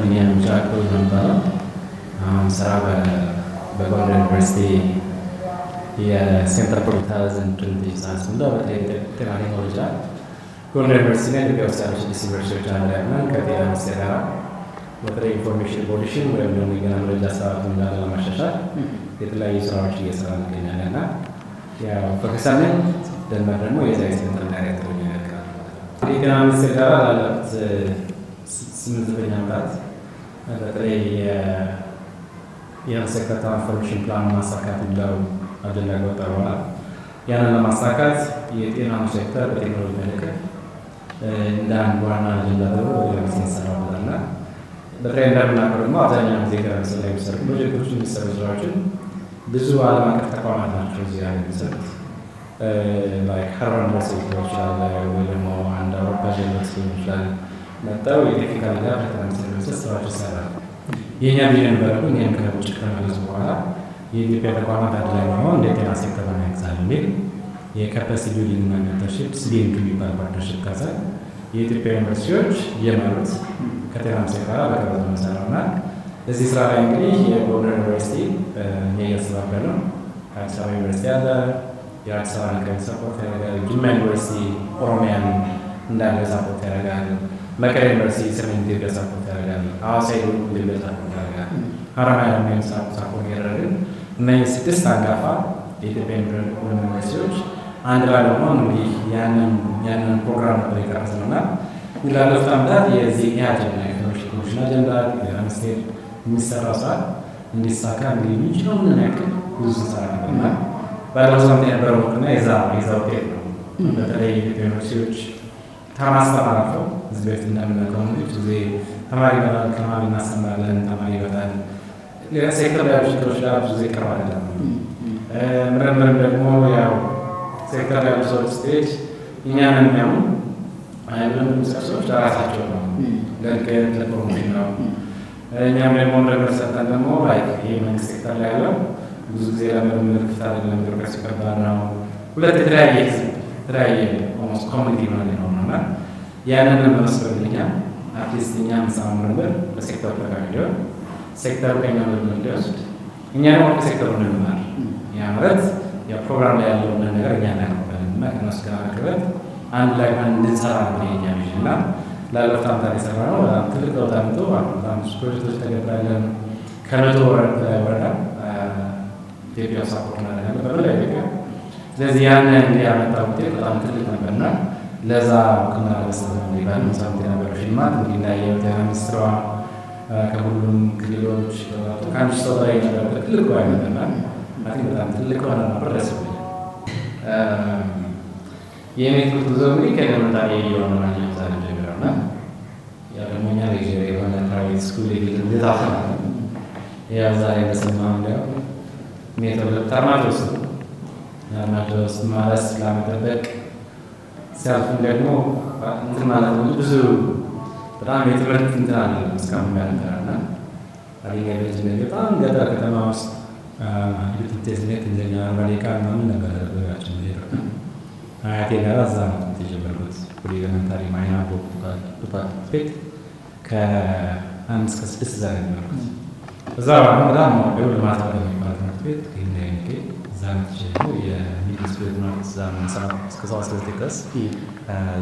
ቢኒያም ጫቆ ይባላል። አሁን ስራ በጎንደር ዩኒቨርሲቲ የሴንተር ፎር ታዘን ትንሽ ቴክኖሎጂ ጎንደር ዩኒቨርሲቲ ኢትዮጵያ ከጤና ኢንፎርሜሽን ፖሊሽን ወይም ደግሞ የገና መረጃ ስርዓቱን እንዳለ ለማሻሻል የተለያዩ ስራዎች እየሰራ እንገኛለን እና ያው ፈክሳምን ደመር ደግሞ የዛ ሴንተር ዳይሬክተር ነው ያለው። ሚኒስቴር ጋር ላለፉት ስምንት ዘጠኝ ዓመታት በተለይ የኢራን ሴክተር ትራንስፎርሜሽን ፕላን ማሳካት የሚለው አጀንዳ ከወጣ በኋላ ያንን ለማሳካት የጤናው ሴክተር በቴክኖሎጂ መልክ እንደ አንድ ዋና አጀንዳ ተብሎ በሌላ ሲነሰራው ና በተለይ እንደምናውቀው ደግሞ አብዛኛውን ጊዜ ከመስ ላይ የሚሰሩ ፕሮጀክቶች የሚሰሩ ስራዎችን ብዙ ዓለም አቀፍ ተቋማት ናቸው እዚህ ላይ የሚሰሩት። ሃርቫርድ ሊሆን ይችላል፣ ወይ ደግሞ አንድ አውሮፓ ዩኒቨርሲቲ ሊሆን ይችላል መጣው የቴክኒካል ጋር ለተናስተርሰስ ስራዎች ተሰራ። የኛ ቢዥን በኩል እኛም ከውጭ ከመለሱ በኋላ የኢትዮጵያ ተቋማት አንድ ላይ ሆነው እንደ ጤና ሴክተር ያግዛል የሚል የካፓሲቲ ቢልዲንግ ፓርትነርሺፕ ሲቢኤም የሚባል ፓርትነርሺፕ ካዘ የኢትዮጵያ ዩኒቨርሲቲዎች የመሩት ከጤና ሴክተር በቀበለ መሰራው እና እዚህ ስራ ላይ እንግዲህ የጎንደር ዩኒቨርሲቲ እኛ ነው። አዲስ አበባ ዩኒቨርሲቲ አለ የአዲስ አበባ ንቀ ሰፖርት ያደርጋል። ጅማ ዩኒቨርሲቲ ኦሮሚያን እንዳለ ሰፖርት ያደርጋል። መቀሌ ዩኒቨርሲቲ ሰሜን ኢትዮጵያ ሳፖርት ያደርጋል። ሐዋሳ የደቡብ ኢትዮጵያ ሳፖርት ያደርጋል። ሀረማያ ኦሮሚያ ሳፖርት ያደረግን እና ስድስት አንጋፋ የኢትዮጵያ ዩኒቨርሲቲዎች አንድ ላይ በመሆን እንግዲህ ያንን ፕሮግራም ነበር የቀረጽን እና ላለፉት ዓመታት የዚህ አጀንዳ የፌሎሺፕ ኮሚሽን አጀንዳ ሚኒስቴር የሚሰራ ሰዓት እንዲሳካ እንግዲህ የሚችለው ምን ያክል ብዙ ስንሰራ ነበርና እና ባለፈው ሳምንት የነበረው እና የዛ ውጤት ነው በተለይ የኢትዮጵያ ዩኒቨርሲቲዎች ከማስተማር ነው። እዚህ በፊት እንደምናውቀው ብዙ ጊዜ ተማሪ ተማሪ እናስተምራለን፣ ተማሪ ሌላ ሴክተር ላይ ያሉ ችግሮች ጋር ብዙ ጊዜ ቅርብ አይደለም። ምርምርም ደግሞ ያው ሴክተር ላይ ያሉ ሰዎች ስቴጅ ሰዎች ለራሳቸው ነው፣ ለፕሮሞሽን ነው። እኛም ደግሞ ምርምር ሰጠን ደግሞ ላይክ ይህ መንግስት ሴክተር ላይ ያለው ብዙ ጊዜ ለምርምር ክፍት አይደለም፣ ቢሮክራሲ ከባድ ነው። ሁለት የተለያየ ህዝብ የተለያየ ኮሚኒቲ ነው እና ያንን ለመመስረትኛ አትሊስት እኛ ህንፃ ምርምር በሴክተሩ ተጋር ሴክተሩ ከኛ ምርምር እንዲወስድ እኛ ደግሞ ከሴክተሩ እንማር። ያ ማለት የፕሮግራም ላይ ያለውን ነገር እኛ ናቀበልና ከነሱ ጋር ቅበት አንድ ላይ ሆነን እንድንሰራ ነው የኛ ሚሽን እና ላለፉት ዓመታት የሰራ ነው በጣም ትልቅ ለውጥ አምጥቶ አምስት ፕሮጀክቶች ተገባለን። ከመቶ ወረዳ ኢትዮጵያ ሳፖርት እናደርጋለን በመላ ኢትዮጵያ። ስለዚህ ያን እንዲህ ያመጣ ውጤት በጣም ትልቅ ነበርና ለዛ እውቅና ለመስጠት ነው እንግዲህ ባለመሳሙት የነበረው ሽልማት እንግዲና የጤና ሚኒስትሯ ከሁሉም ክልሎች ከአንድ ሰው በላይ የነበረበት ትልቅ ዋይ ነበርና በጣም ትልቅ ሆነ ነበር። ደስ ብሎ የሜትሮት ጉዞ እንግዲህ ከለመጣሪ የሆነ ማንኛውም ዛ ጀምረው እና ያ ደግሞ እኛ ሌጀር የሆነ ፕራይቬት ስኩል የግል ልታፈ ያው ዛሬ በስማ እንዲያው ሜትሮ ለጣርማጆስ ነው። ጣርማጆስ ማለት ስለመጠበቅ ሲያልፍም ደግሞ እንትን ማለት ነው ብዙ በጣም የትምህርት እንትን አለ እስካሁን ጋር ነበረ ነ በጣም ገጠር ከተማ ውስጥ የትምህርት እንደኛ አርባሌ ቃል ምናምን ነበረ ያችን ሄደ አያቴ ጋር እዛ ነው የጀመርኩት ሁሌ ኤሌመንታሪ ማይና ዲፓርትመንት ቤት ከአንድ እስከ ስድስት እዛ ነው የጀመርኩት። እዛ በጣም ልማት የሚባል ትምህርት ቤት ከሂንዳ እዛ ነው የጀመርኩት። እስከ ድረስ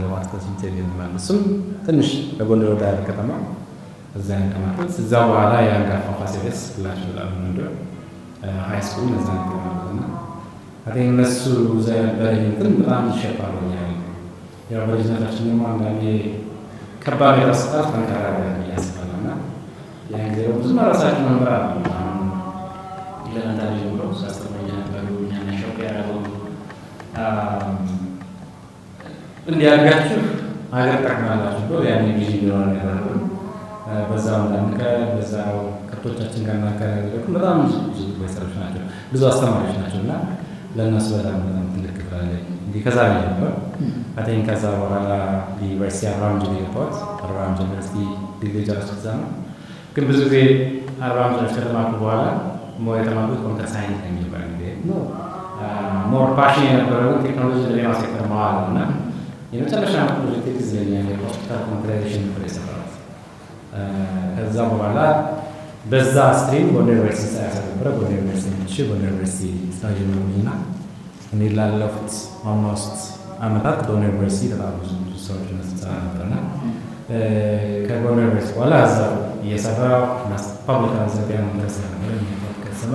ለማጥፋት ኢንተርቪው ማለት እሱም ትንሽ ለጎን ወደ ያለ ከተማ እዛ ያቀማጠል እዛ በኋላ የአንጋፋ ፋሲለደስ ብላችሁ በጣም ንደ ሀይ ስኩል እዛ ያቀማጠልና እነሱ እዛ በረኝትን በጣም ይሸፋሉ። ያው በልጅነታችን ደግሞ አንዳንዴ ከባድ የተስጣር ጠንካራ ያስባልና ያን ጊዜ ብዙ መራሳችን መንበር አለ ለአንዳንድ እንዲያርጋችሁ ሀገር ጠቅማላችሁ ብሎ ያን ጊዜ ሊሆን ያደረጉ በዛ ላንቀ በዛ ከብቶቻችን ጋር ማካሄድ በጣም ብዙ ቤተሰቦች ናቸው፣ ብዙ አስተማሪዎች ናቸው እና ለእነሱ በጣም በጣም ትልቅ ክፍል አለኝ። እንግዲህ ከዛ ላይ ነበር አቴን ከዛ በኋላ ዩኒቨርሲቲ አርባ ምንጭ ገባሁት። አርባ ምንጭ ዩኒቨርሲቲ ዲግሪ ጨረስኩ። ከዛ ነው ግን ብዙ ጊዜ አርባ ምንጭ ከተማርኩ በኋላ የተማርኩት ኮምፒተር ሳይንስ ነው የሚባል ጊዜ ነው ሞር ፓሽን የነበረውን ቴክኖሎጂ ለማስከተል መዋል እና የመጨረሻ ፕሮጀክት ይዘኛል የሆስፒታል ኮምፒላይዜሽን ነበር የሰራት። ከዛ በኋላ በዛ ስትሪም ጎንደር ዩኒቨርሲቲ ጻያሰ ነበረ። ጎንደር ዩኒቨርሲቲ ምች ጎንደር ዩኒቨርሲቲ ስራ ጀመሩኝና እኔ ላለፉት አልሞስት አመታት ጎንደር ዩኒቨርሲቲ በጣም ብዙ ሰዎች ስራ ነበርና ከጎንደር ዩኒቨርሲቲ በኋላ እዛ እየሰራ ፓብሊክ አንዘቢያ መንገስ ነበረ ሰማ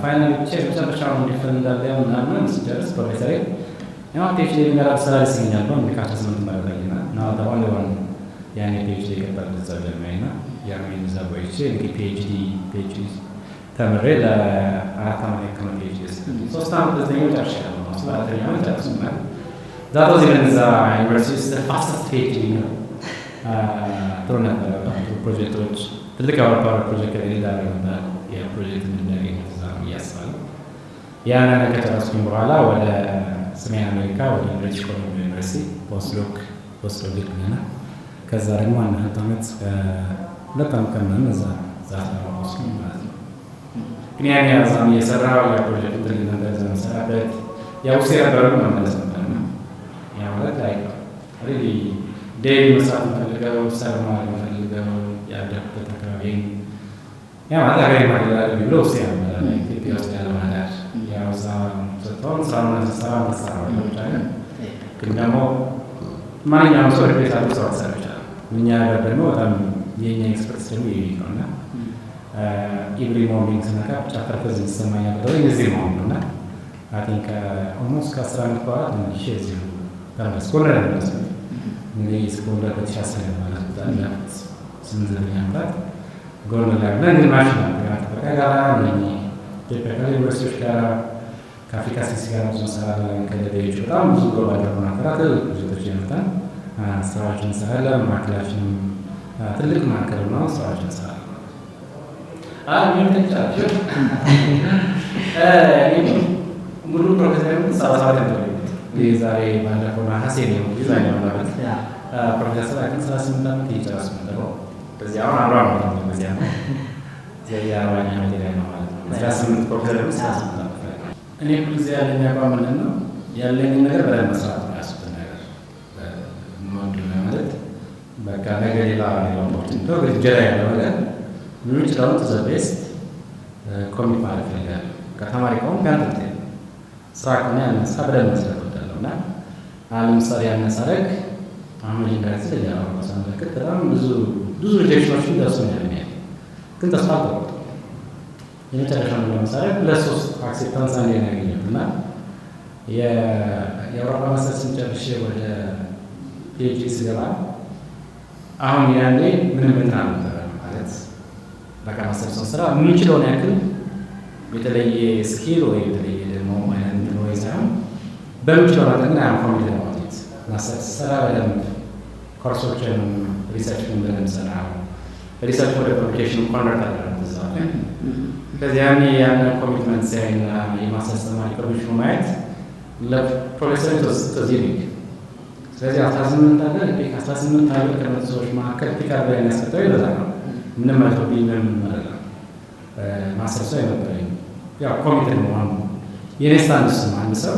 ፋይናል ብቻ የመጨረሻ እንዲፈል እንዳለ ምናምን ሲደርስ ፕሮፌሰሬ ያው ፒኤችዲ የሚመራ ስራ ደስ ይለኛል እንዲካቸ ስምንመረ ላይና ና ኦንሊ ዋን ያኔ ፒኤችዲ የገባል እዛ ጀርመንና ያኔ እዛ ቦይቼ እንግዲህ ፒኤችዲ ፒኤችዲ ተምሬ ለአራት ዓመት ያክል ፒኤችዲ ሶስት ዓመት ዘኛው ጨርሻለሁ። ሶስት አራተኛ ዓመት ጨርሱና ዛቶ ዚበንዛ ዩኒቨርሲቲ ውስጥ ፋስተስት ፒኤችዲ ነው ጥሩ ነበረ። ፕሮጀክቶች ትልቅ የአውሮፓ ፕሮጀክት ዳረ ነበረ ፕሮጀክት እንድናገኝ ዛም እያስባለሁ። ያን ነገር ከጨረስኩኝ በኋላ ወደ ሰሜን አሜሪካ ወደ ብሪቲሽ ኮሎምቢያ ዩኒቨርሲቲ ፖስትዶክ ፖስትዶክ ልክና ከዛ ደግሞ አንድ ሁለት ዓመት ሁለት ዓመት ከምናምን እዛ ዛት ለማወስ ማለት ነው። ግን ያን ያዛም እየሰራ ፕሮጀክት ትልነበር ዘመሰራበት ያውስ የነበረ መመለስ ነበር ነው ያ ማለት ላይ ሪ ዴይሊ መስራት የምፈልገው ሰርማ የምፈልገው ያደርበት አካባቢ Ja, Ja már elérnek a bíró szélben, egy piacnyelvárás. Ja, se az a szalon, az a szalon, az a szalon, Könnyelmo, már nyilván szor pénzáló szalszerűtel. Mindjárt ebben voltam, nyilván expresszió ügyikon, Ibri Mombingsnak, csak a közönszemányában, de én zimomban, hát inkább a muszkaszának valamit, és ez jó. Tehát a szkolában lesz, mindig szkolában, hogy használja valamit, de szinten nyelvet. ጎን ለጎን ግማሽ ነው ሀገራት ጥበቃ ጋር ኢትዮጵያ ጋር ከአፍሪካ ሳይንስ ጋር ብዙ እንሰራለን። ከሌሎች በጣም ብዙ ግሎባል የሆኑ ሀገራት ብዙቶች የመጣን ስራዎችን እንሰራለን። ማዕከላችን ትልቅ ማዕከል ነው። ስራዎችን እንሰራለን። ፕሮፌሰር ዛሬ ባለፈው ነሐሴ ነው ፕሮፌሰር ስምንት ዓመት በዚያ በዚያውን አብራ ነው በዚያ ዚያ አርባኛ ላይ ነው ማለት ነው። ስራ ስምንት ኮርተር ነው ስራ ስምንት ነው። እኔ ሁል ጊዜ ያለኝ አቋም ምንድን ነው ያለኝን ነገር በደንብ መስራት ነው። ያሱትን ነገር ወንድ ማለት በቃ ነገ ሌላ ሌላ ኦፖርቹኒቲ ገላ ያለው ነገር ሊሆን ይችላሉ። ዘ ቤስት ኮሚት ማለት ይፈልጋል። ከተማሪ ከሆን ከንትት ስራ ከሆነ ያነሳ ስራ በደንብ መስራት እወዳለሁ እና አለምሳሌ ያነሳረግ አሁን ዩኒቨርሲቲ ሌላ ሰመለክት በጣም ብዙ ብዙ ሪጀክሽኖችን ደርሶ ነው ያለ ግን ተስፋ አልቆረጠ የመጨረሻ ነው። ለምሳሌ ሁለት ሶስት አክሴፕታንስ አንድ ነው ያገኘሁት እና የአውሮፓ መሰል ጨርሼ ወደ ፒኤችዲ ስገባ አሁን ያኔ ምንም እንትን አልነበረ ማለት በቃ ማስተርሰን ስራ የምንችለውን ያክል የተለየ ስኪል ወይ የተለየ ደግሞ ወይ ሳይሆን በምንችለው መጠን ና ኮሚቴ ለማግኘት ማስተርስ ስራ በደንብ ኮርሶችን ሪሰርች በደንብ ሰራሁ። ሪሰርች ወደ ፐብሊኬሽን ኮንቨርት አደረግኩት እዛ ላይ። ስለዚህ ያኔ ያንን ኮሚትመንት ሲያይና የማሳሰማ ሪኮርዶች ማየት ለፕሮፌሰር ተዚህ ነው። ስለዚህ አስራ ስምንት አለ እንዲህ ከአስራ ስምንት አለ ከመቶ ሰዎች መካከል ቲካር ላይ ያስፈጠው ይበዛ ነው ምንም አልቶብኝ ምንም መረ ማሰብሰብ የነበረኝ ያው ኮሚቴ መሆኑ የኔ ስታንስ አንድ ሰው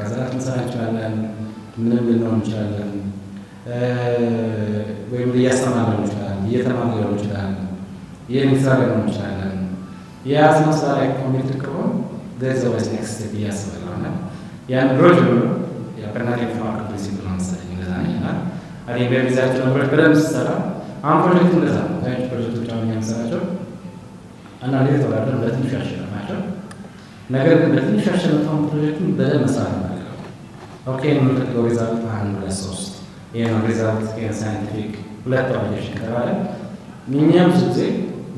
ከዘራት መሰራ እንችላለን ምንም ልንሆን እንችላለን ወይም እያስተማረ ይችላል፣ እየተማር ሊሆን ይችላል፣ እየሚሰራ ሊሆን ይችላለን። የያዝ ስራ ላይ ኮሚትድ ከሆን ዘዘወስ ኔክስት እያስበላለ ያን ብሮች የአበናት የፋርክ ፕሪንሲፕል መሰለኝ እንደዛ ነው ይላል። አዴ በሚዛቸው ነገሮች በደንብ ስሰራ አሁን ፕሮጀክት እንደዛ ነው። ታች ፕሮጀክቶች አሁን የሚያንሰራቸው ሌ የተወዳደር በትንሽ ያሸነፋቸው ነገር ግን በትንሽ ያሸነፈውን ፕሮጀክትን በደንብ መስራት ነው። ኦኬ የምንፈልገው ሪዛልት አንድ ሁለት ሶስት የመግዛት የሳይንቲፊክ ሁለት አፕሊኬሽን ከተባለ እኛም ብዙ ጊዜ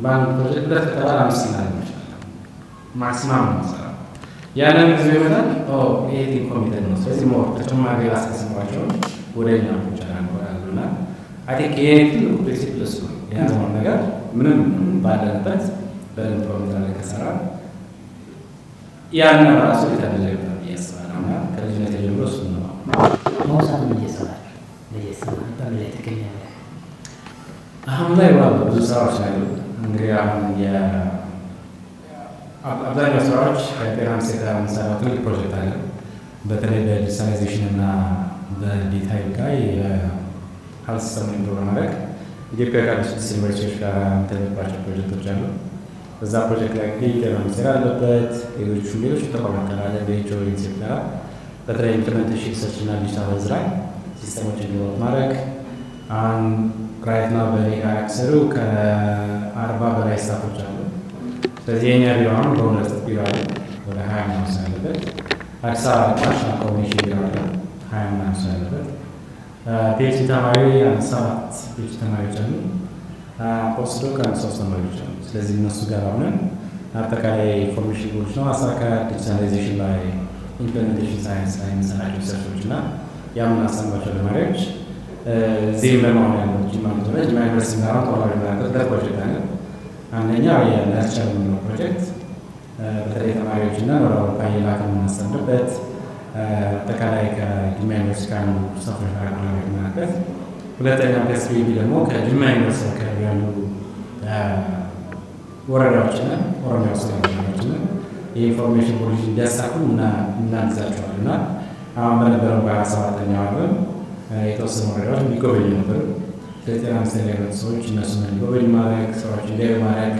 በአንድ ፕሮጀክት ሁለት ከተባለ አምስት ማለት ይችላል። ማክሲማም ነው ያንን ጊዜ ይመጣል። ይሄ ኮሚቴ ነው። ስለዚህ ሞር ተጨማሪ አስተስባቸው ወደ እኛ ብቻ ያንቆራሉና አይንክ ይሄ ትልቁ ፕሪንሲፕል እሱ ነው። የያዘውን ነገር ምንም ባለንበት በደንብ ፕሮጀክት ላይ ከሰራ ያን ራሱ ሊተደለ ይሆናል ከልጅነት እሱ ነው መውሳት በምን ላይ ትገኛለህ? አሁን ላይ ብዙ ስራዎች አሉ። እንግዲህ አሁን አብዛኛው ስራዎች ከፔራምስ የተሰራ ትልቅ ፕሮጀክት አለ። በተለይ በዲጂታላይዜሽን እና በዲታይ ጋር የሀል ሲስተም ኢምፕሮቭ ማድረግ ኢትዮጵያ ካሉት ስድስት ዩኒቨርሲቲዎች ጋር የሚተባበሩባቸው ፕሮጀክቶች አሉ። እዛ ፕሮጀክት ላይ እንግዲህ ፔራምስ አለበት። ሌሎቹ ሌሎቹ ተቋማት ጋር ቤቾ ኢንሴፕ በተለይ ኢምፕሊሜንቴሽን ሪሰርች እና ዲጂታል ላይ ሲስተሞች እንዲወት ማድረግ አሁን ራይት ና በሌላ ስሩ ከአርባ በላይ ስታፎች አሉ። ስለዚህ የኛ ቢሮ አሁን በሁለት ቢሮ አለ ወደ ሀያ ማንስ ያለበት አዲስ አበባ ናሽናል ኮሚሽን ቢሮ አለ ሀያ ማንስ ያለበት ፒኤችዲ ተማሪ ሰባት ፒኤችዲ ተማሪዎች አሉ። ፖስቶ ከአንድ ሶስት ተማሪዎች አሉ። ስለዚህ እነሱ ጋር ሆነን አጠቃላይ ኢንፎርሜሽን ቦች ነው አሳካ ዲጂታላይዜሽን ላይ ኢምፕሊሜንቴሽን ሳይንስ ላይ የምንሰራቸው ሰርቶች እና የአምና አስተማሪዎች ለተማሪዎች ዜም ለማሆን ያለው ጅማ ልጅ ጅማ ዩኒቨርሲቲ ምናምን ተወራሪ ምናበት ሁለት አለ። አንደኛው የለርቸር የምንለው ፕሮጀክት በተለይ ተማሪዎች እና ወደ አውሮፓ የላከ አጠቃላይ ከጅማ ዩኒቨርሲቲ ካሉ ሰዎች ጋር ተወራሪ ምናበት። ሁለተኛ ፕስቢቢ ደግሞ ከጅማ ዩኒቨርሲቲ አካባቢ ያሉ ወረዳዎች ኦሮሚያ ውስጥ ያሉ ወረዳዎች የኢንፎርሜሽን ፖሊሲ እንዲያሳኩ እናግዛቸዋል እና አሁን በነበረው በሀያ ሰባተኛው ዓመት የተወሰኑ ወረዳዎች የሚጎበኙ ነበር። ለጤና ምሳሌ ሰዎች እነሱ የሚጎበኙ ማድረግ ሰዎች እንዲያዩ ማድረግ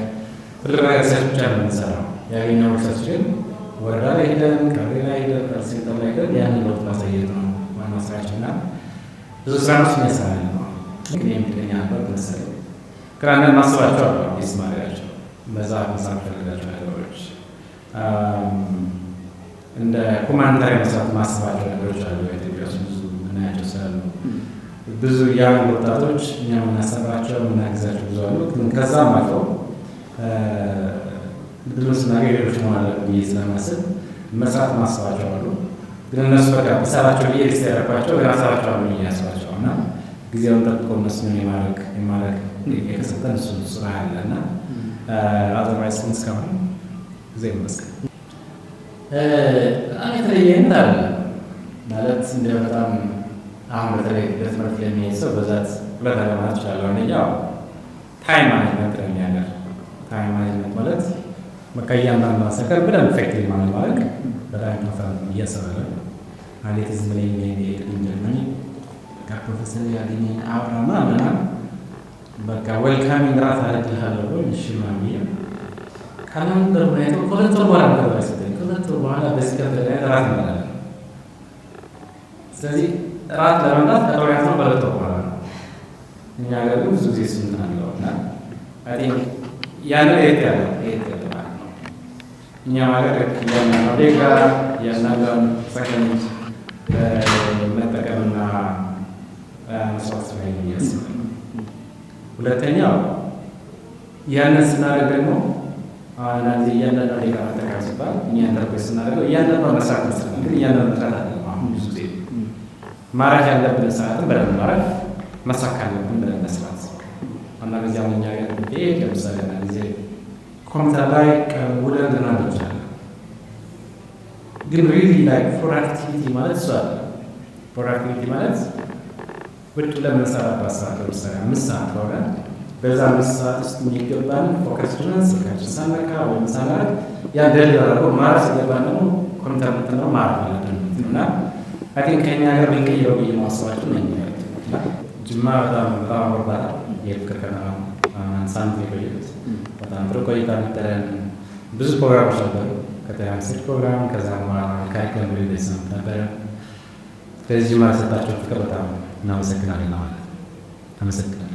ትልቅ ነገር ብቻ ነው የምንሰራው። ያገኘው ሪሰርችን ወረዳ ላይ ሄደን ቀበሌ ላይ ሄደን ሴንተር ላይ ሄደን ያንን ለውጥ ማሳየት ነው ዋና ስራችን እና ብዙ ስራ ነው የሚያሳያል ነው ግን የምትለኛ ነበር መሰለኝ ከአንድ ማስባቸው አሉ ስ ማሪያቸው መጽሐፍ መጽሐፍ ፈልጋቸው ነገሮች እንደ ኮማንደር መስራት ማስባቸው ነገሮች አሉ። ኢትዮጵያ ውስጥ ብዙ ምናያቸው ስላሉ ብዙ ያሉ ወጣቶች እኛ የምናሰባቸው የምናግዛቸው ብዙ አሉ። ግን ከዛም አልፈው ድሉስ ነገር ሌሎች መሆናለ ብዬ ስለማስብ መስራት ማስባቸው አሉ። ግን እነሱ በቃ ብሰራቸው ብዬ ሊስ ያደረኳቸው ግን አሰራቸው አሉ እያስባቸው እና ጊዜውን ጠብቆ እነሱን የማድረግ የማድረግ የተሰጠን እሱ ስራ አለ እና አዘርባይስን እስካሁን ጊዜ ይመስገን በጣም የተለየ እንዳለ ማለት እንደ በጣም አሁን በተለይ ለትምህርት ለሚሄድ ሰው በዛት ሁለት አለማት ይችላለሁ። አንደኛው ታይም ማኔጅመንት ነው የሚያደር ታይም ማኔጅመንት ማለት በቃ እያንዳንዱ ማሰከር በደንብ ፌክት ማለት ማለት በጣም መፋም እያሰበረ አንዴት ዝም ላይ የሚሄድ ጀርመኒ ከፕሮፌሰር ያገኘ አብራማ ምና በቃ ወልካሚ ራት አደርግልሃለሁ እሺ ማሚ ካናም ደርማይቶ ኮለተር ወራ ደረሰ ከመጡ በኋላ በሲቀጥል ላይ እራት እንበላለን። ስለዚህ እራት ለመምጣት ከጦሪያት ነው በለቶ በኋላ ነው። እኛ ሀገር ብዙ ጊዜ ስምንት አለው እና ያለ የት ያለ ማለት ነው። እኛም ሀገር እያንዳንዱ ደቂቃ እያንዳንዷን ሰከንድ መጠቀምና መስዋዕት ላይ ያስባል። ሁለተኛው ያንን ስናደርግ ደግሞ ለዚህ እያንዳንዱ ደቂቃ መጠቀም ሲባል እኛ ተርጎ ስናደርገው እያንዳንዱ መስራት መስራት እንግዲህ እያንዳንዱ መስራት አለ። አሁን ብዙ ጊዜ ማረፍ ያለብን ሰዓትን በደንብ ማረፍ፣ መሳካ ያለብን በደንብ መስራት እና በዚያ እኛ ጋር ቤት ለምሳሌ ና ጊዜ ኮምፒውተር ላይ ውለን ልናደር እንችላለን። ግን ሪሊ ላይ ፕሮዳክቲቪቲ ማለት እሱ አለ። ፕሮዳክቲቪቲ ማለት ውጭ ለምንሰራባት ሰዓት ለምሳሌ አምስት ሰዓት ለሆነ በዛ አምስት ሰዓት ውስጥ የሚገባን ፎከስ ስልካችን ሳነካ ወይም ሳናረግ ያን ደል ያደረገው ማር ሲገባን ደግሞ ኮምፒተር ምትነው ማር ማለት ነው እና አን ከኛ ጋር ልንቀይረው ብዬ ማሰባችን ነው። ጅማ በጣም በጣም አወርባታ የፍቅር ከተማ ሳንት የቆየት በጣም ጥሩ ቆይታ ነበረን። ብዙ ፕሮግራሞች ነበሩ። ከተያሴት ፕሮግራም ከዛ በኋላ ከአይከን ቤተሰ ነበረ። ስለዚህ ጅማ ሰጣቸው ፍቅር በጣም እናመሰግናለን ማለት አመሰግናል